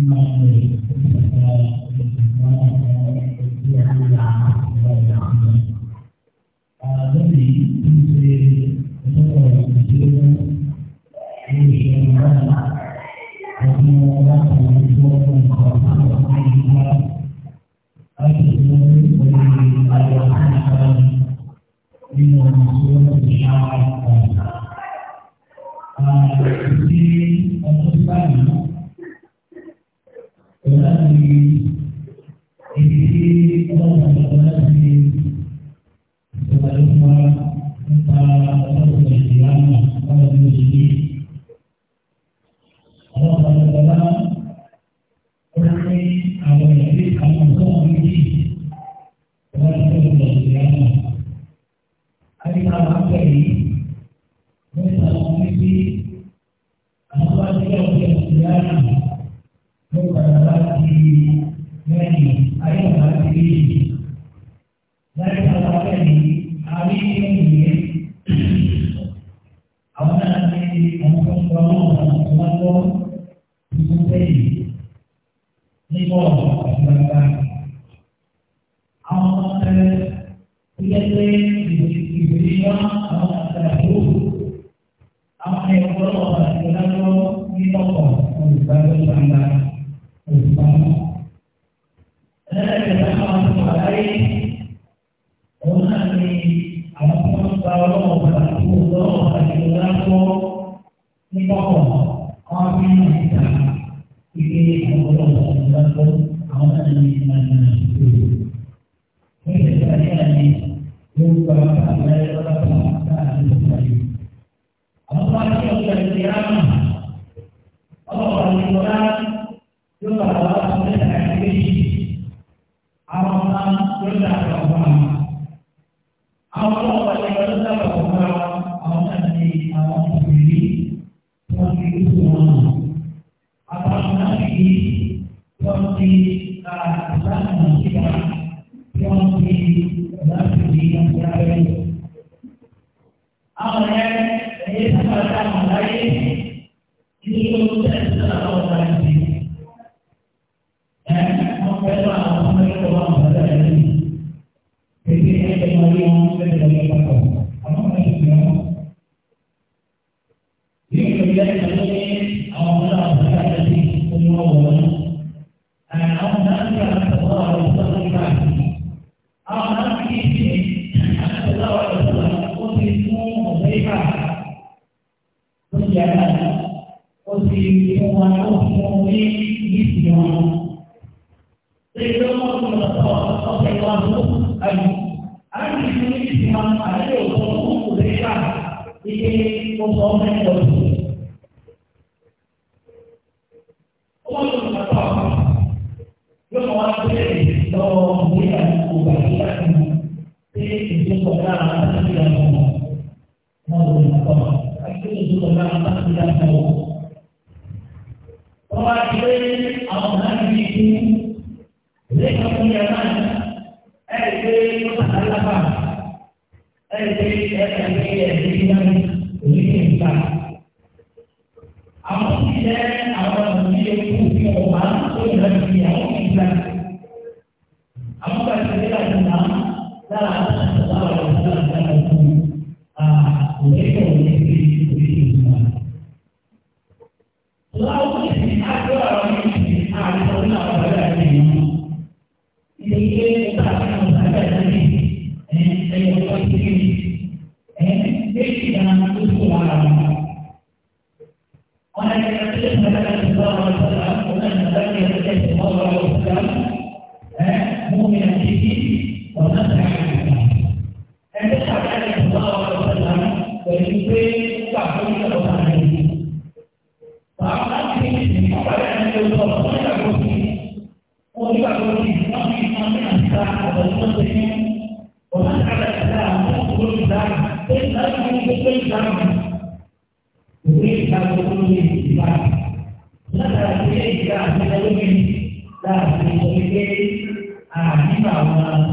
nínú àwọn ẹ̀yìn. di sana kita pergi nanti di yang berada di sana. Apa yang kita akan lakukan Amen.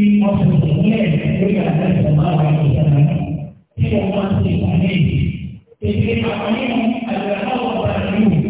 Thank you.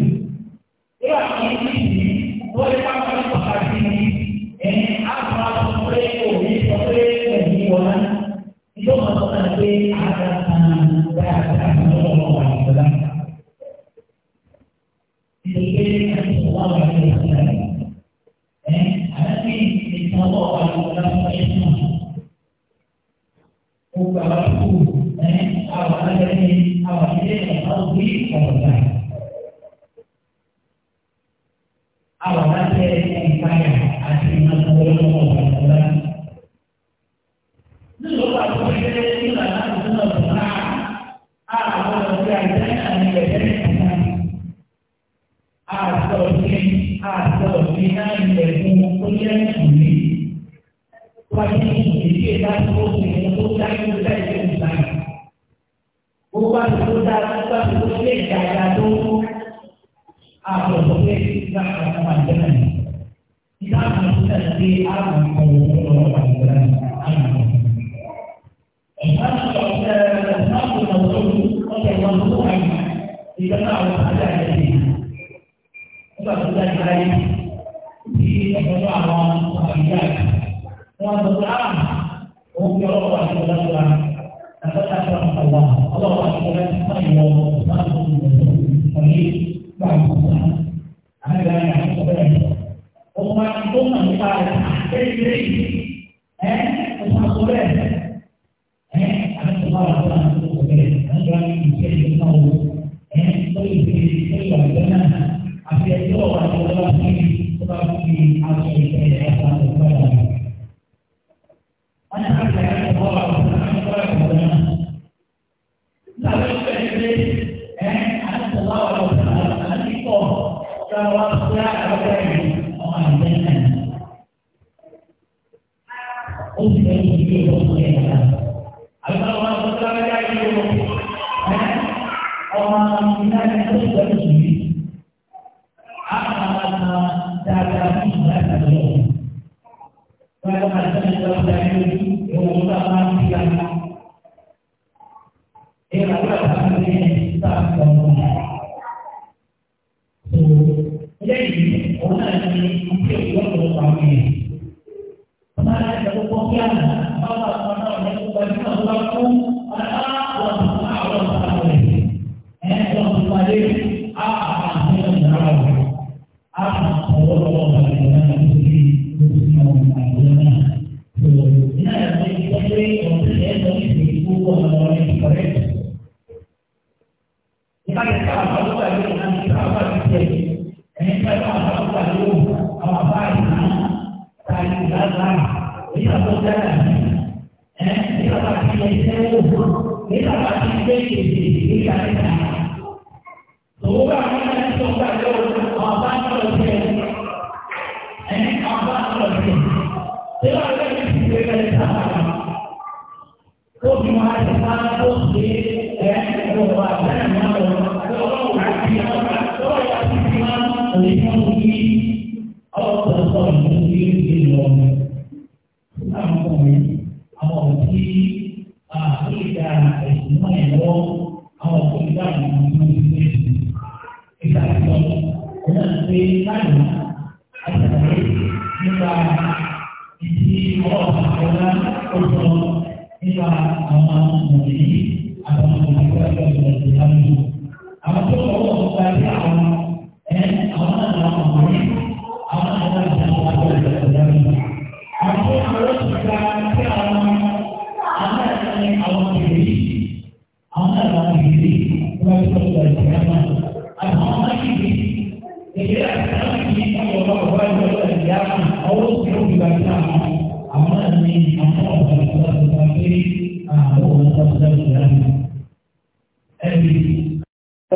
Orang-orang yang berkata-kata itu, orang-orang yang berkata-kata itu,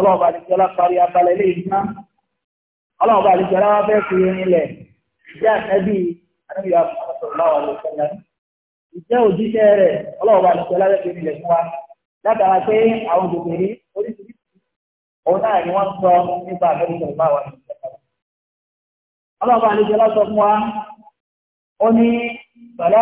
ọlọ́ọ̀bà àdìsọ́lá parí abalẹ̀ lè ní máa ọlọ́ọ̀bà àdìsọ́lá wá fẹ́ fi irin lẹ̀ ìjẹ́ àtẹ́bí àníyà ọlọ́ọ̀bà àdìsọ́lá ìjẹ́ òjíṣẹ́ rẹ̀ ọlọ́ọ̀bà àdìsọ́lá fẹ́ fi irin lẹ̀ fún wa látara pé àwọn gbèbèrè oríṣiríṣi òun náà ni wọ́n sọ nípa àbẹ́rẹ́sọ̀ ìbá wa ọlọ́ọ̀bà àdìsọ́lá sọ fún wa ó ní bàlá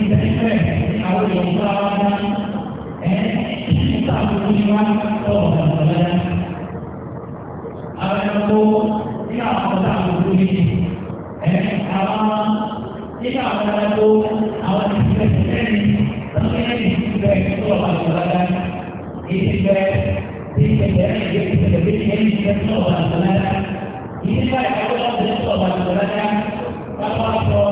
ìbẹ̀rẹ̀ àwọn ìyọ̀nba wa ẹ̀ nígbà tó ní wá tọ̀ ọ̀dọ̀dọ̀dọ̀. Àwọn ẹranko ní àwọn ọ̀dà àbúrò yìí ẹ̀ àwọn nígbà àwọn ẹranko àwọn ìbẹ̀rẹ̀ sẹ́ni lọ́sẹ̀rẹ̀ ìbẹ̀rẹ̀ tó ọ̀dọ̀ ọ̀dọ̀dọ̀. Ìbẹ̀rẹ̀ ti ìbẹ̀rẹ̀ ìbẹ̀rẹ̀ ìbẹ̀rẹ̀ tó ọ̀dọ̀dọ̀dọ̀. Ìbẹ̀rẹ̀ àwọn ọ̀dọ̀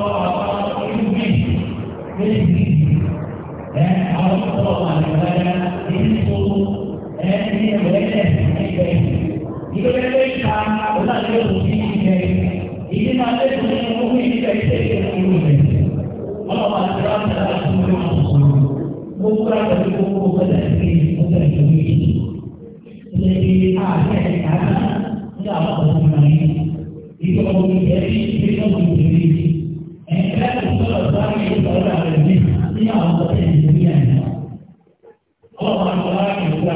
Ini Allah yang dunia àwọn àlọ́lá ìfọ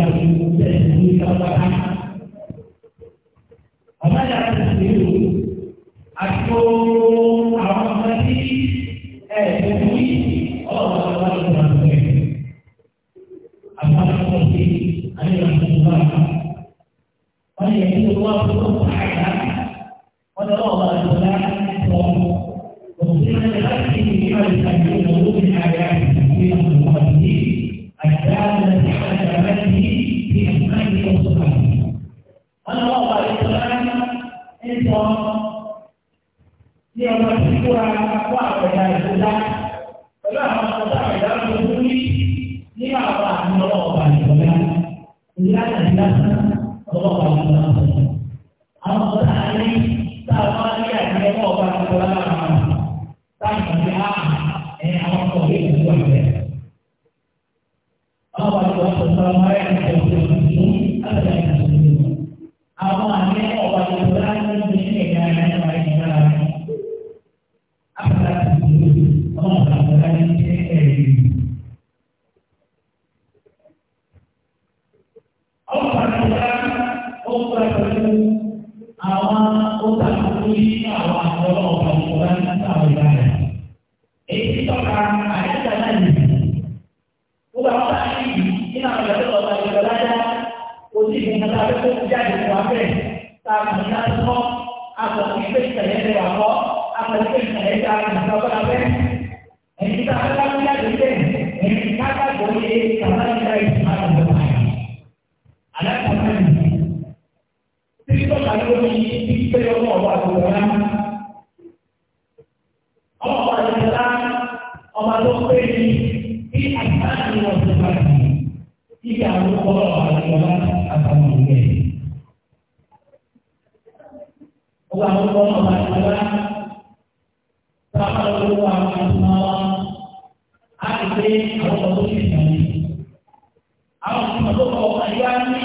àwọn ọmọ tó kọ ọmọ yìí wá ní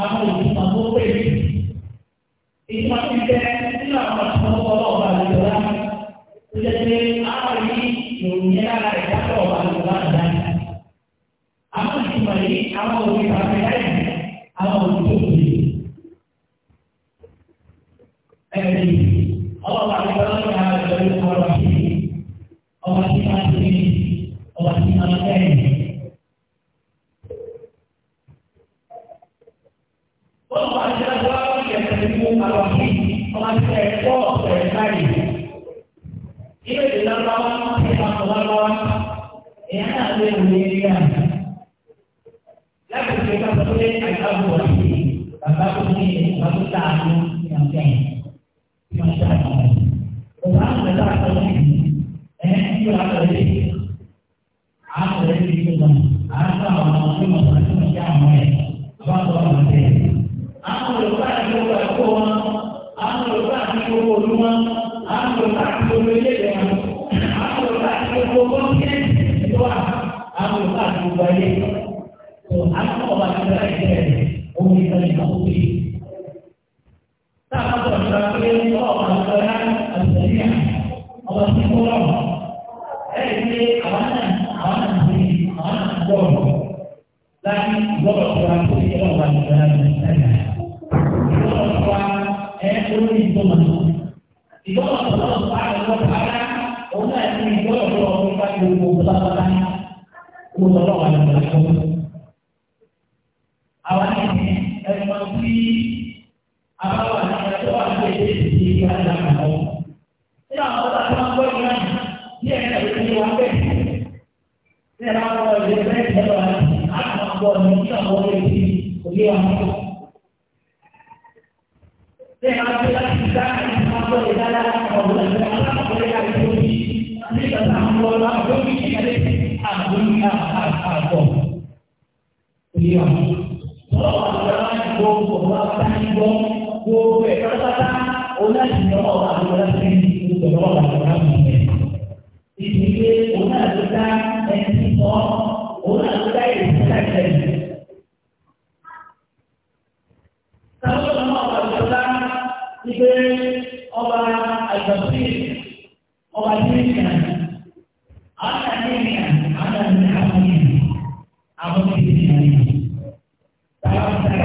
àwọn ọmọ ìgbà tó pè é. ìgbà tó jẹ nínú àwọn ọmọ tó kọ ọmọ ọmọ àlejò rẹ wá. ó jẹ pé àwọn yìí yóò ní ara rẹ dia Ana nini? Ana nini? Ana nini? Ana nini? Ana nini? Ana nini? Ana nini? Thank you.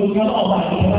ìròyìn ọlọ́ọ̀bà àdìgbà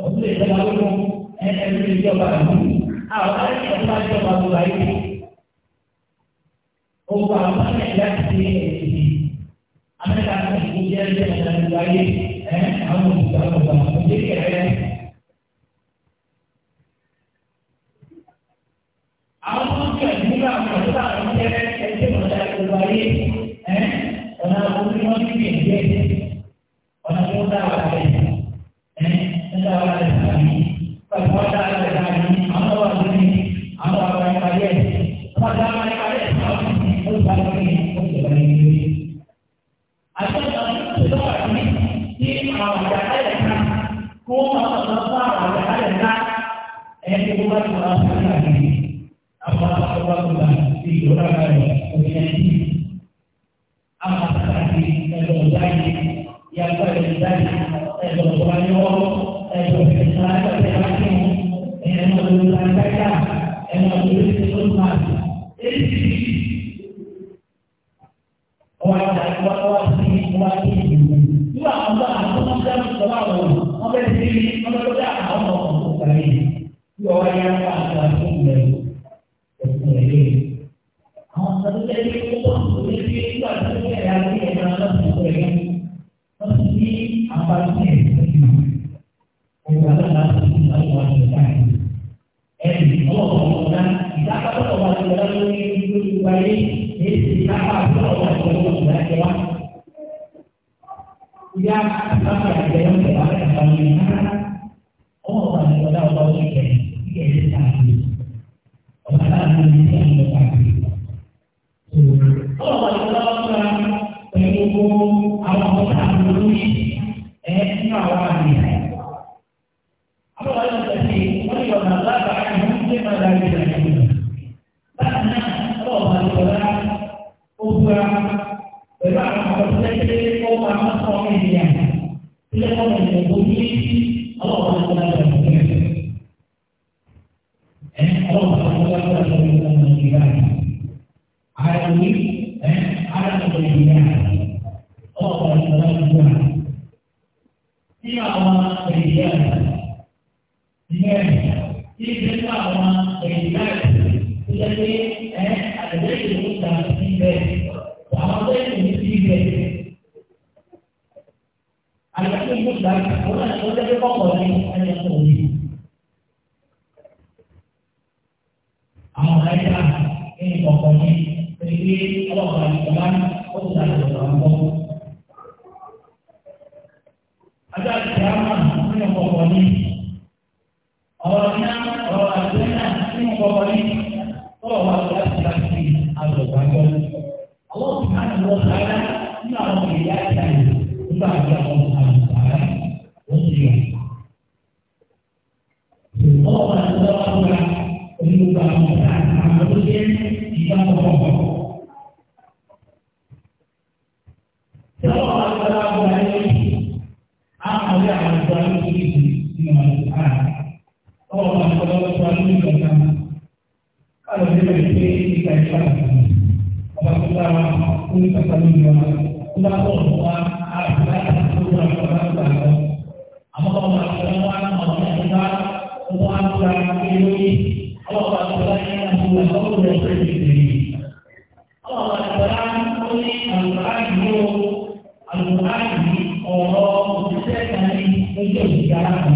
ìjọba lónìí ẹni ìjọba lónìí àwọn aláìsí ọba ìjọba ló wáyé ogun àwọn ẹ̀yà láti ṣe èyí amẹ́ta ìlú jẹ́ ẹgbẹ́ ìjọba ló wáyé ẹ àwọn olùgbà ọ̀gbà ọ̀gbẹ́ kẹrẹ. àwọn tó ń tẹ̀ nígbà wọn tó bá wọn jẹ́ ẹgbẹ́ ìjọba ló wáyé ẹ ọ̀nà àwọn olùgbà wọn ti gbìyànjẹ́ ọ̀nà tó ń dá wà láyé. en Thank you. ni ọ̀rọ̀ òṣìṣẹ́ kan ní ẹgbẹ́ ìgbàlá kan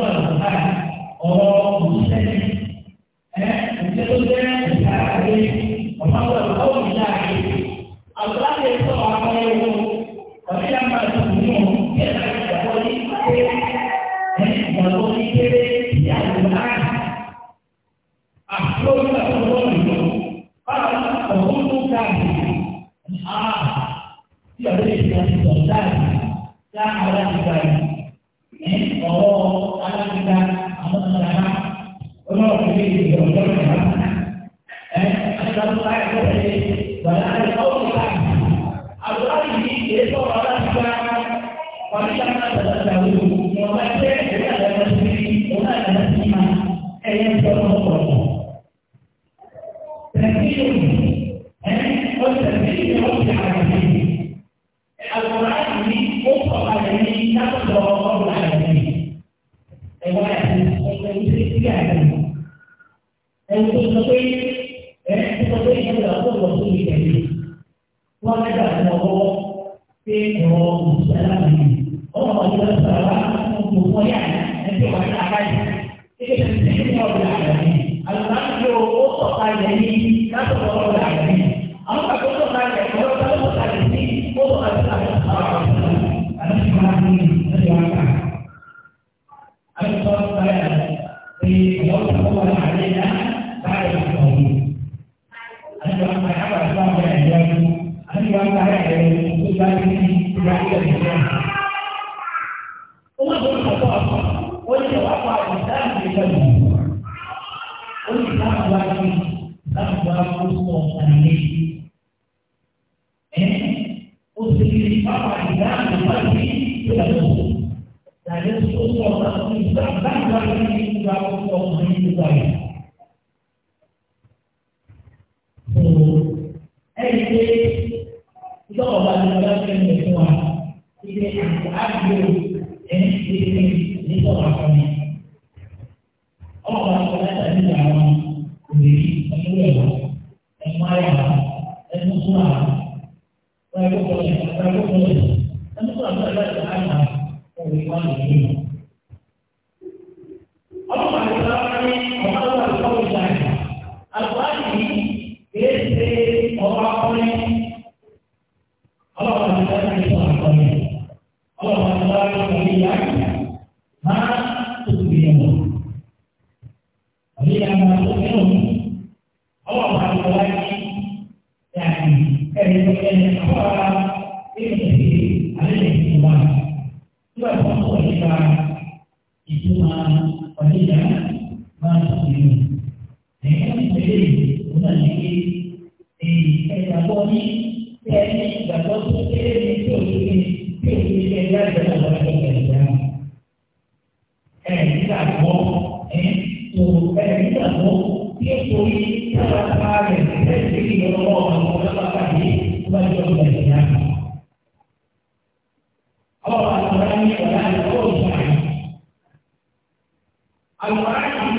Al-Qur'an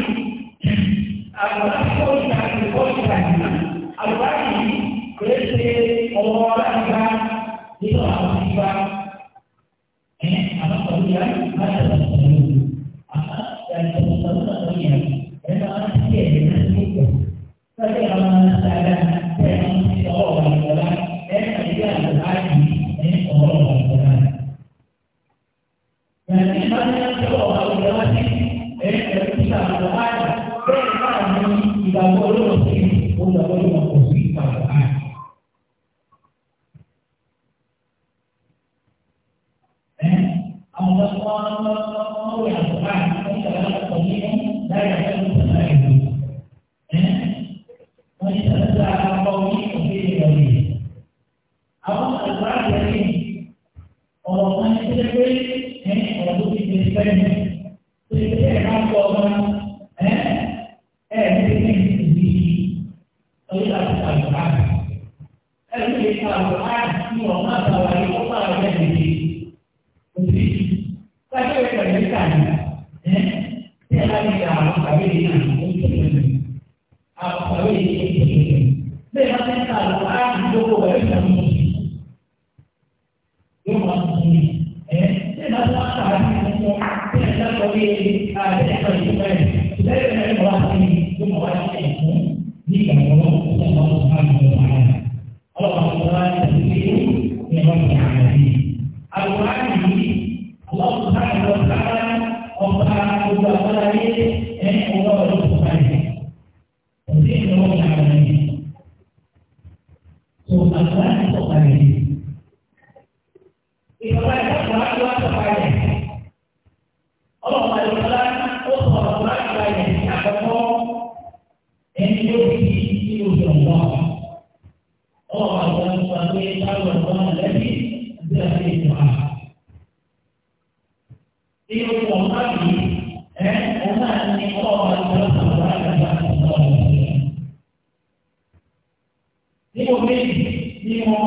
Al-Qur'an Al-Qur'an Al-Qur'an Kerja Orang-orang Kita Orang-orang Kita Orang-orang Kita eh Ni mo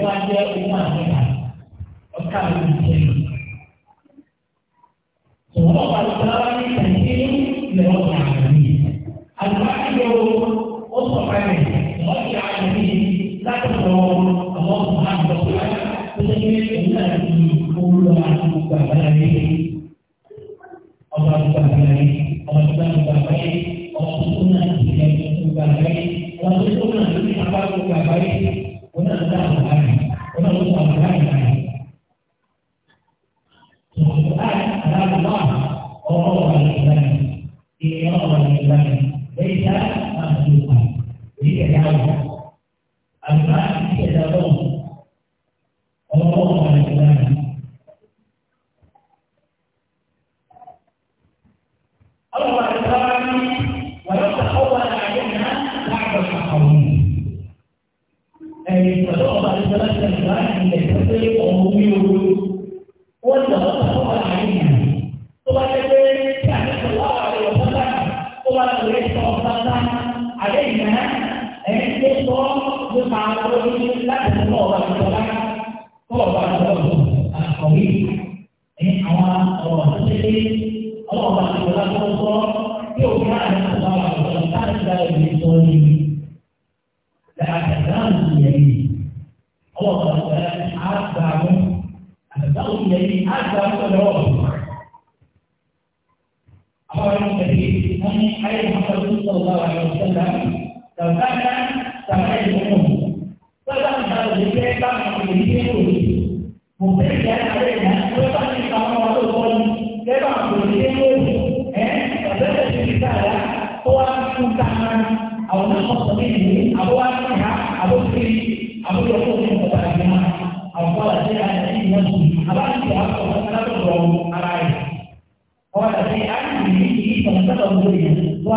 ìwádìí ìwádìí ọ̀ka ìwádìí.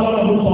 ọlọ́run sọ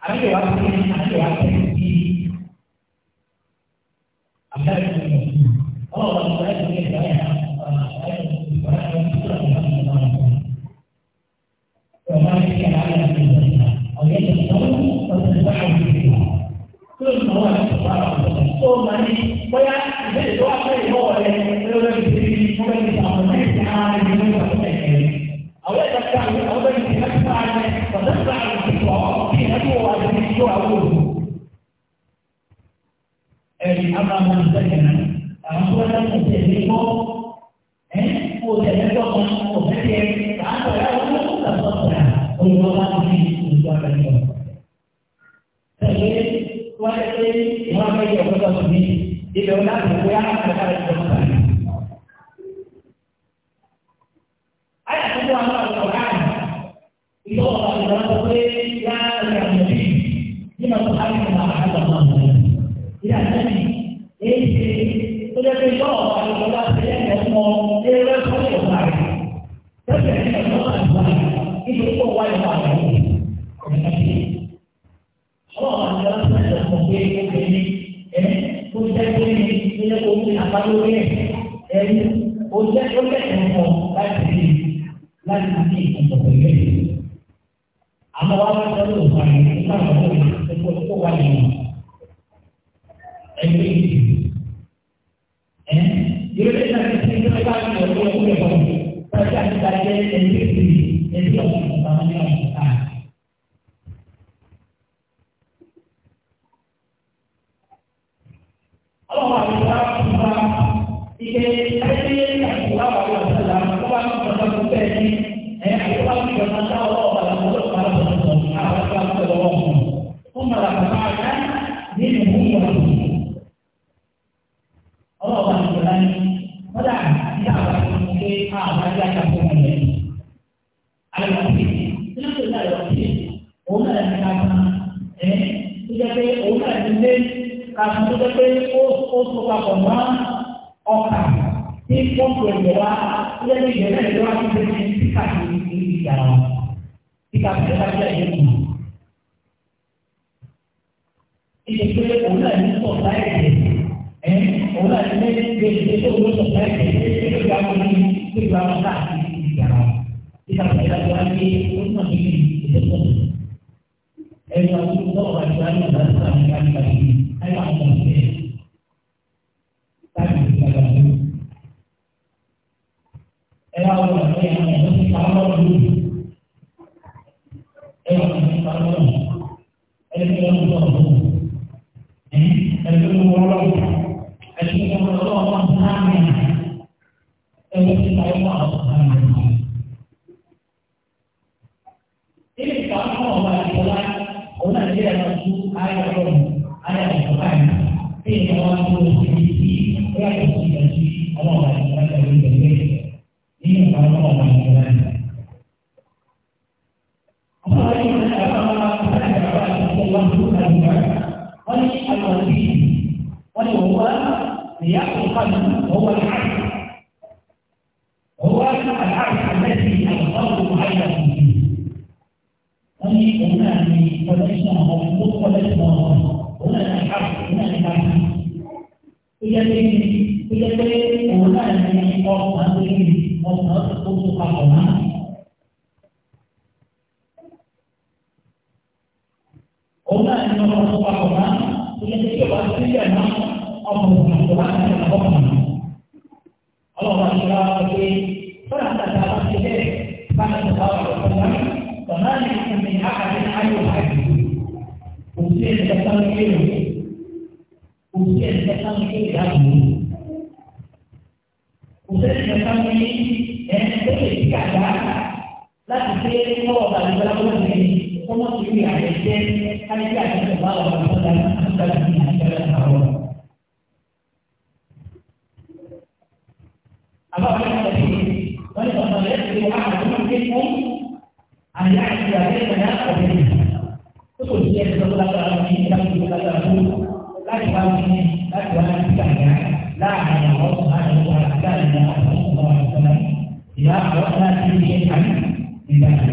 arriva a fine arriva a fine di andare con il mondo oh non sarebbe che da me non sarebbe che da me non sarebbe che da me non sarebbe che da karena sudah terus terus muka koma oka itu berdoa yang dijaga itu lagi dengan kita ini di dalam kita bisa saja ini itu sudah mulai selesai eh mulai ini jadi itu sudah selesai jadi itu yang ini itu Ini kamu mau balik òun náà lè yàrá ju ayé ọlọ́run ayé àgbàbá kí ni wọ́n á dúró sí ibi tí ó yàtọ̀ sí ìgbà tí ọlọ́run àti ìgbà tí ó lè nínú ìgbà ọlọ́run àti ìgbà tí wọ́n ní àwọn ọ̀sìn wọ́n ní wọ́n wá ìyá òkàlù wọ́n wá láàyè wọ́n wá láàyè àti àlẹ́ sí àwọn ọ̀sìn àyà yìí. أي هنا في فتحنا أو في قطبة فتحنا هنا الحرب هنا الحرب إذا تريد إذا تريد هنا أن يقوم بأمر مصدر قطبة قطبة هنا أن يقوم بقطبة قطبة إذا تريد بأسفل أن أمر مصدر قطبة قطبة الله تعالى قال فلا تتعرف لك فلا تتعرف لك tamani kumbe hapa ni hayo hapo usije kasema hilo usije kasema hilo hapo usije kasema hili ene tete kaza la tete ni mo la ni la mo ni como si hubiera gente ahí ya se va a pasar la vida ayat yang ada pada hari ini. Tentu dia sudah berkata lagi, dan juga berkata lagi, lagi bahawa ini, lagi bahawa ini tidaknya, lah hanya Allah Tuhan yang berkata dan yang berkata dengan Allah Tuhan. Ya Allah, nanti dia akan tidaknya.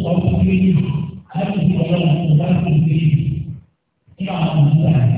sọ fún mi àti ìwọlọ́wọ́ sọ fún mi nígbà wọn ń gbà yìí.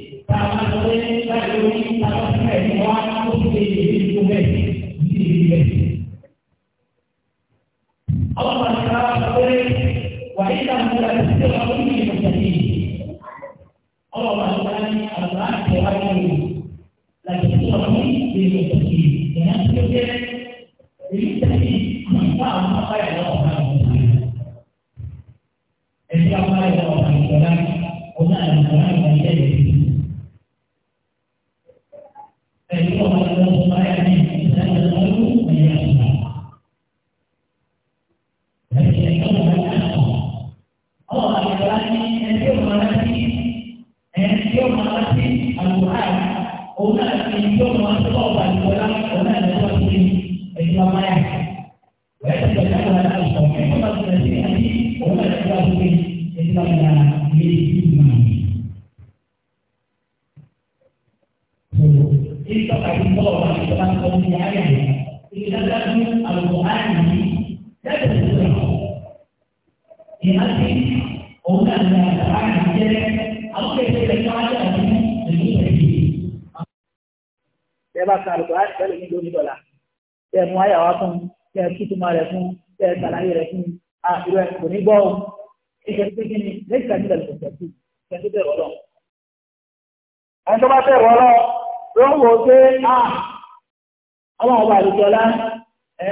ọlá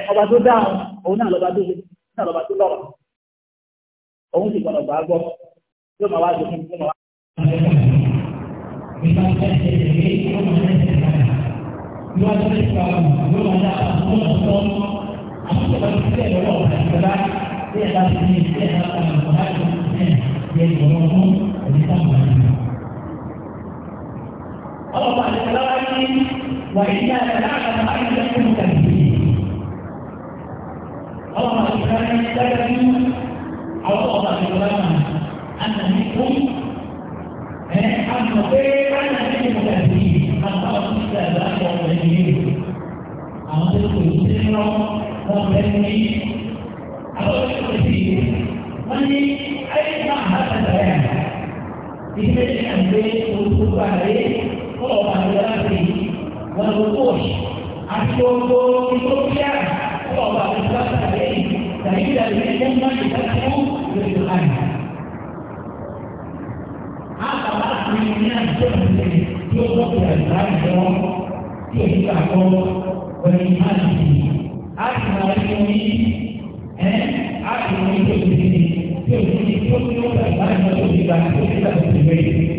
ọba tó dáhùn òun náà lọ́ba tó náà lọ́ba tó lọ́rọ̀ òun sì gbọ́dọ̀ gbàgbọ́ yóò máa wá dùn fún yóò máa wá. Thank you. الله عليه وسلم وإنا لنعلم أنكم كذبين الله عليه وسلم يستلزم أو الله عليه وسلم أن منكم أن نقيم أنكم كذبين أن تركوا السابق والمجرمين أن تلقوا السجن والمجرمين أقول الكثير من أين هذا البيان؟ إذا الأنبياء والقرآن ọba àgbẹ̀dá ti wọn ló kó àti gbogbo ethiopia ọba àgbẹ̀dá ti àgbẹ̀yìn nàìjíríà ti ẹgbẹ́ máa ti ká tó lórí ìlú àná. àkàbà àti ní àjọ ìṣẹ̀lẹ̀ tí ó gbọ́ pé àgbà àjọ tí èyí gbà kọ́ wọlé máa ti di àti máa ti wọ́n yí ẹ́ àti wọ́n yí tó ti di tí ó ti di tí ó ti di ó ti di àgbà àjọ tó ti gbà tó ti gbà tó ti gbà yìí.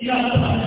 Yeah.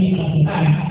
你怎么办？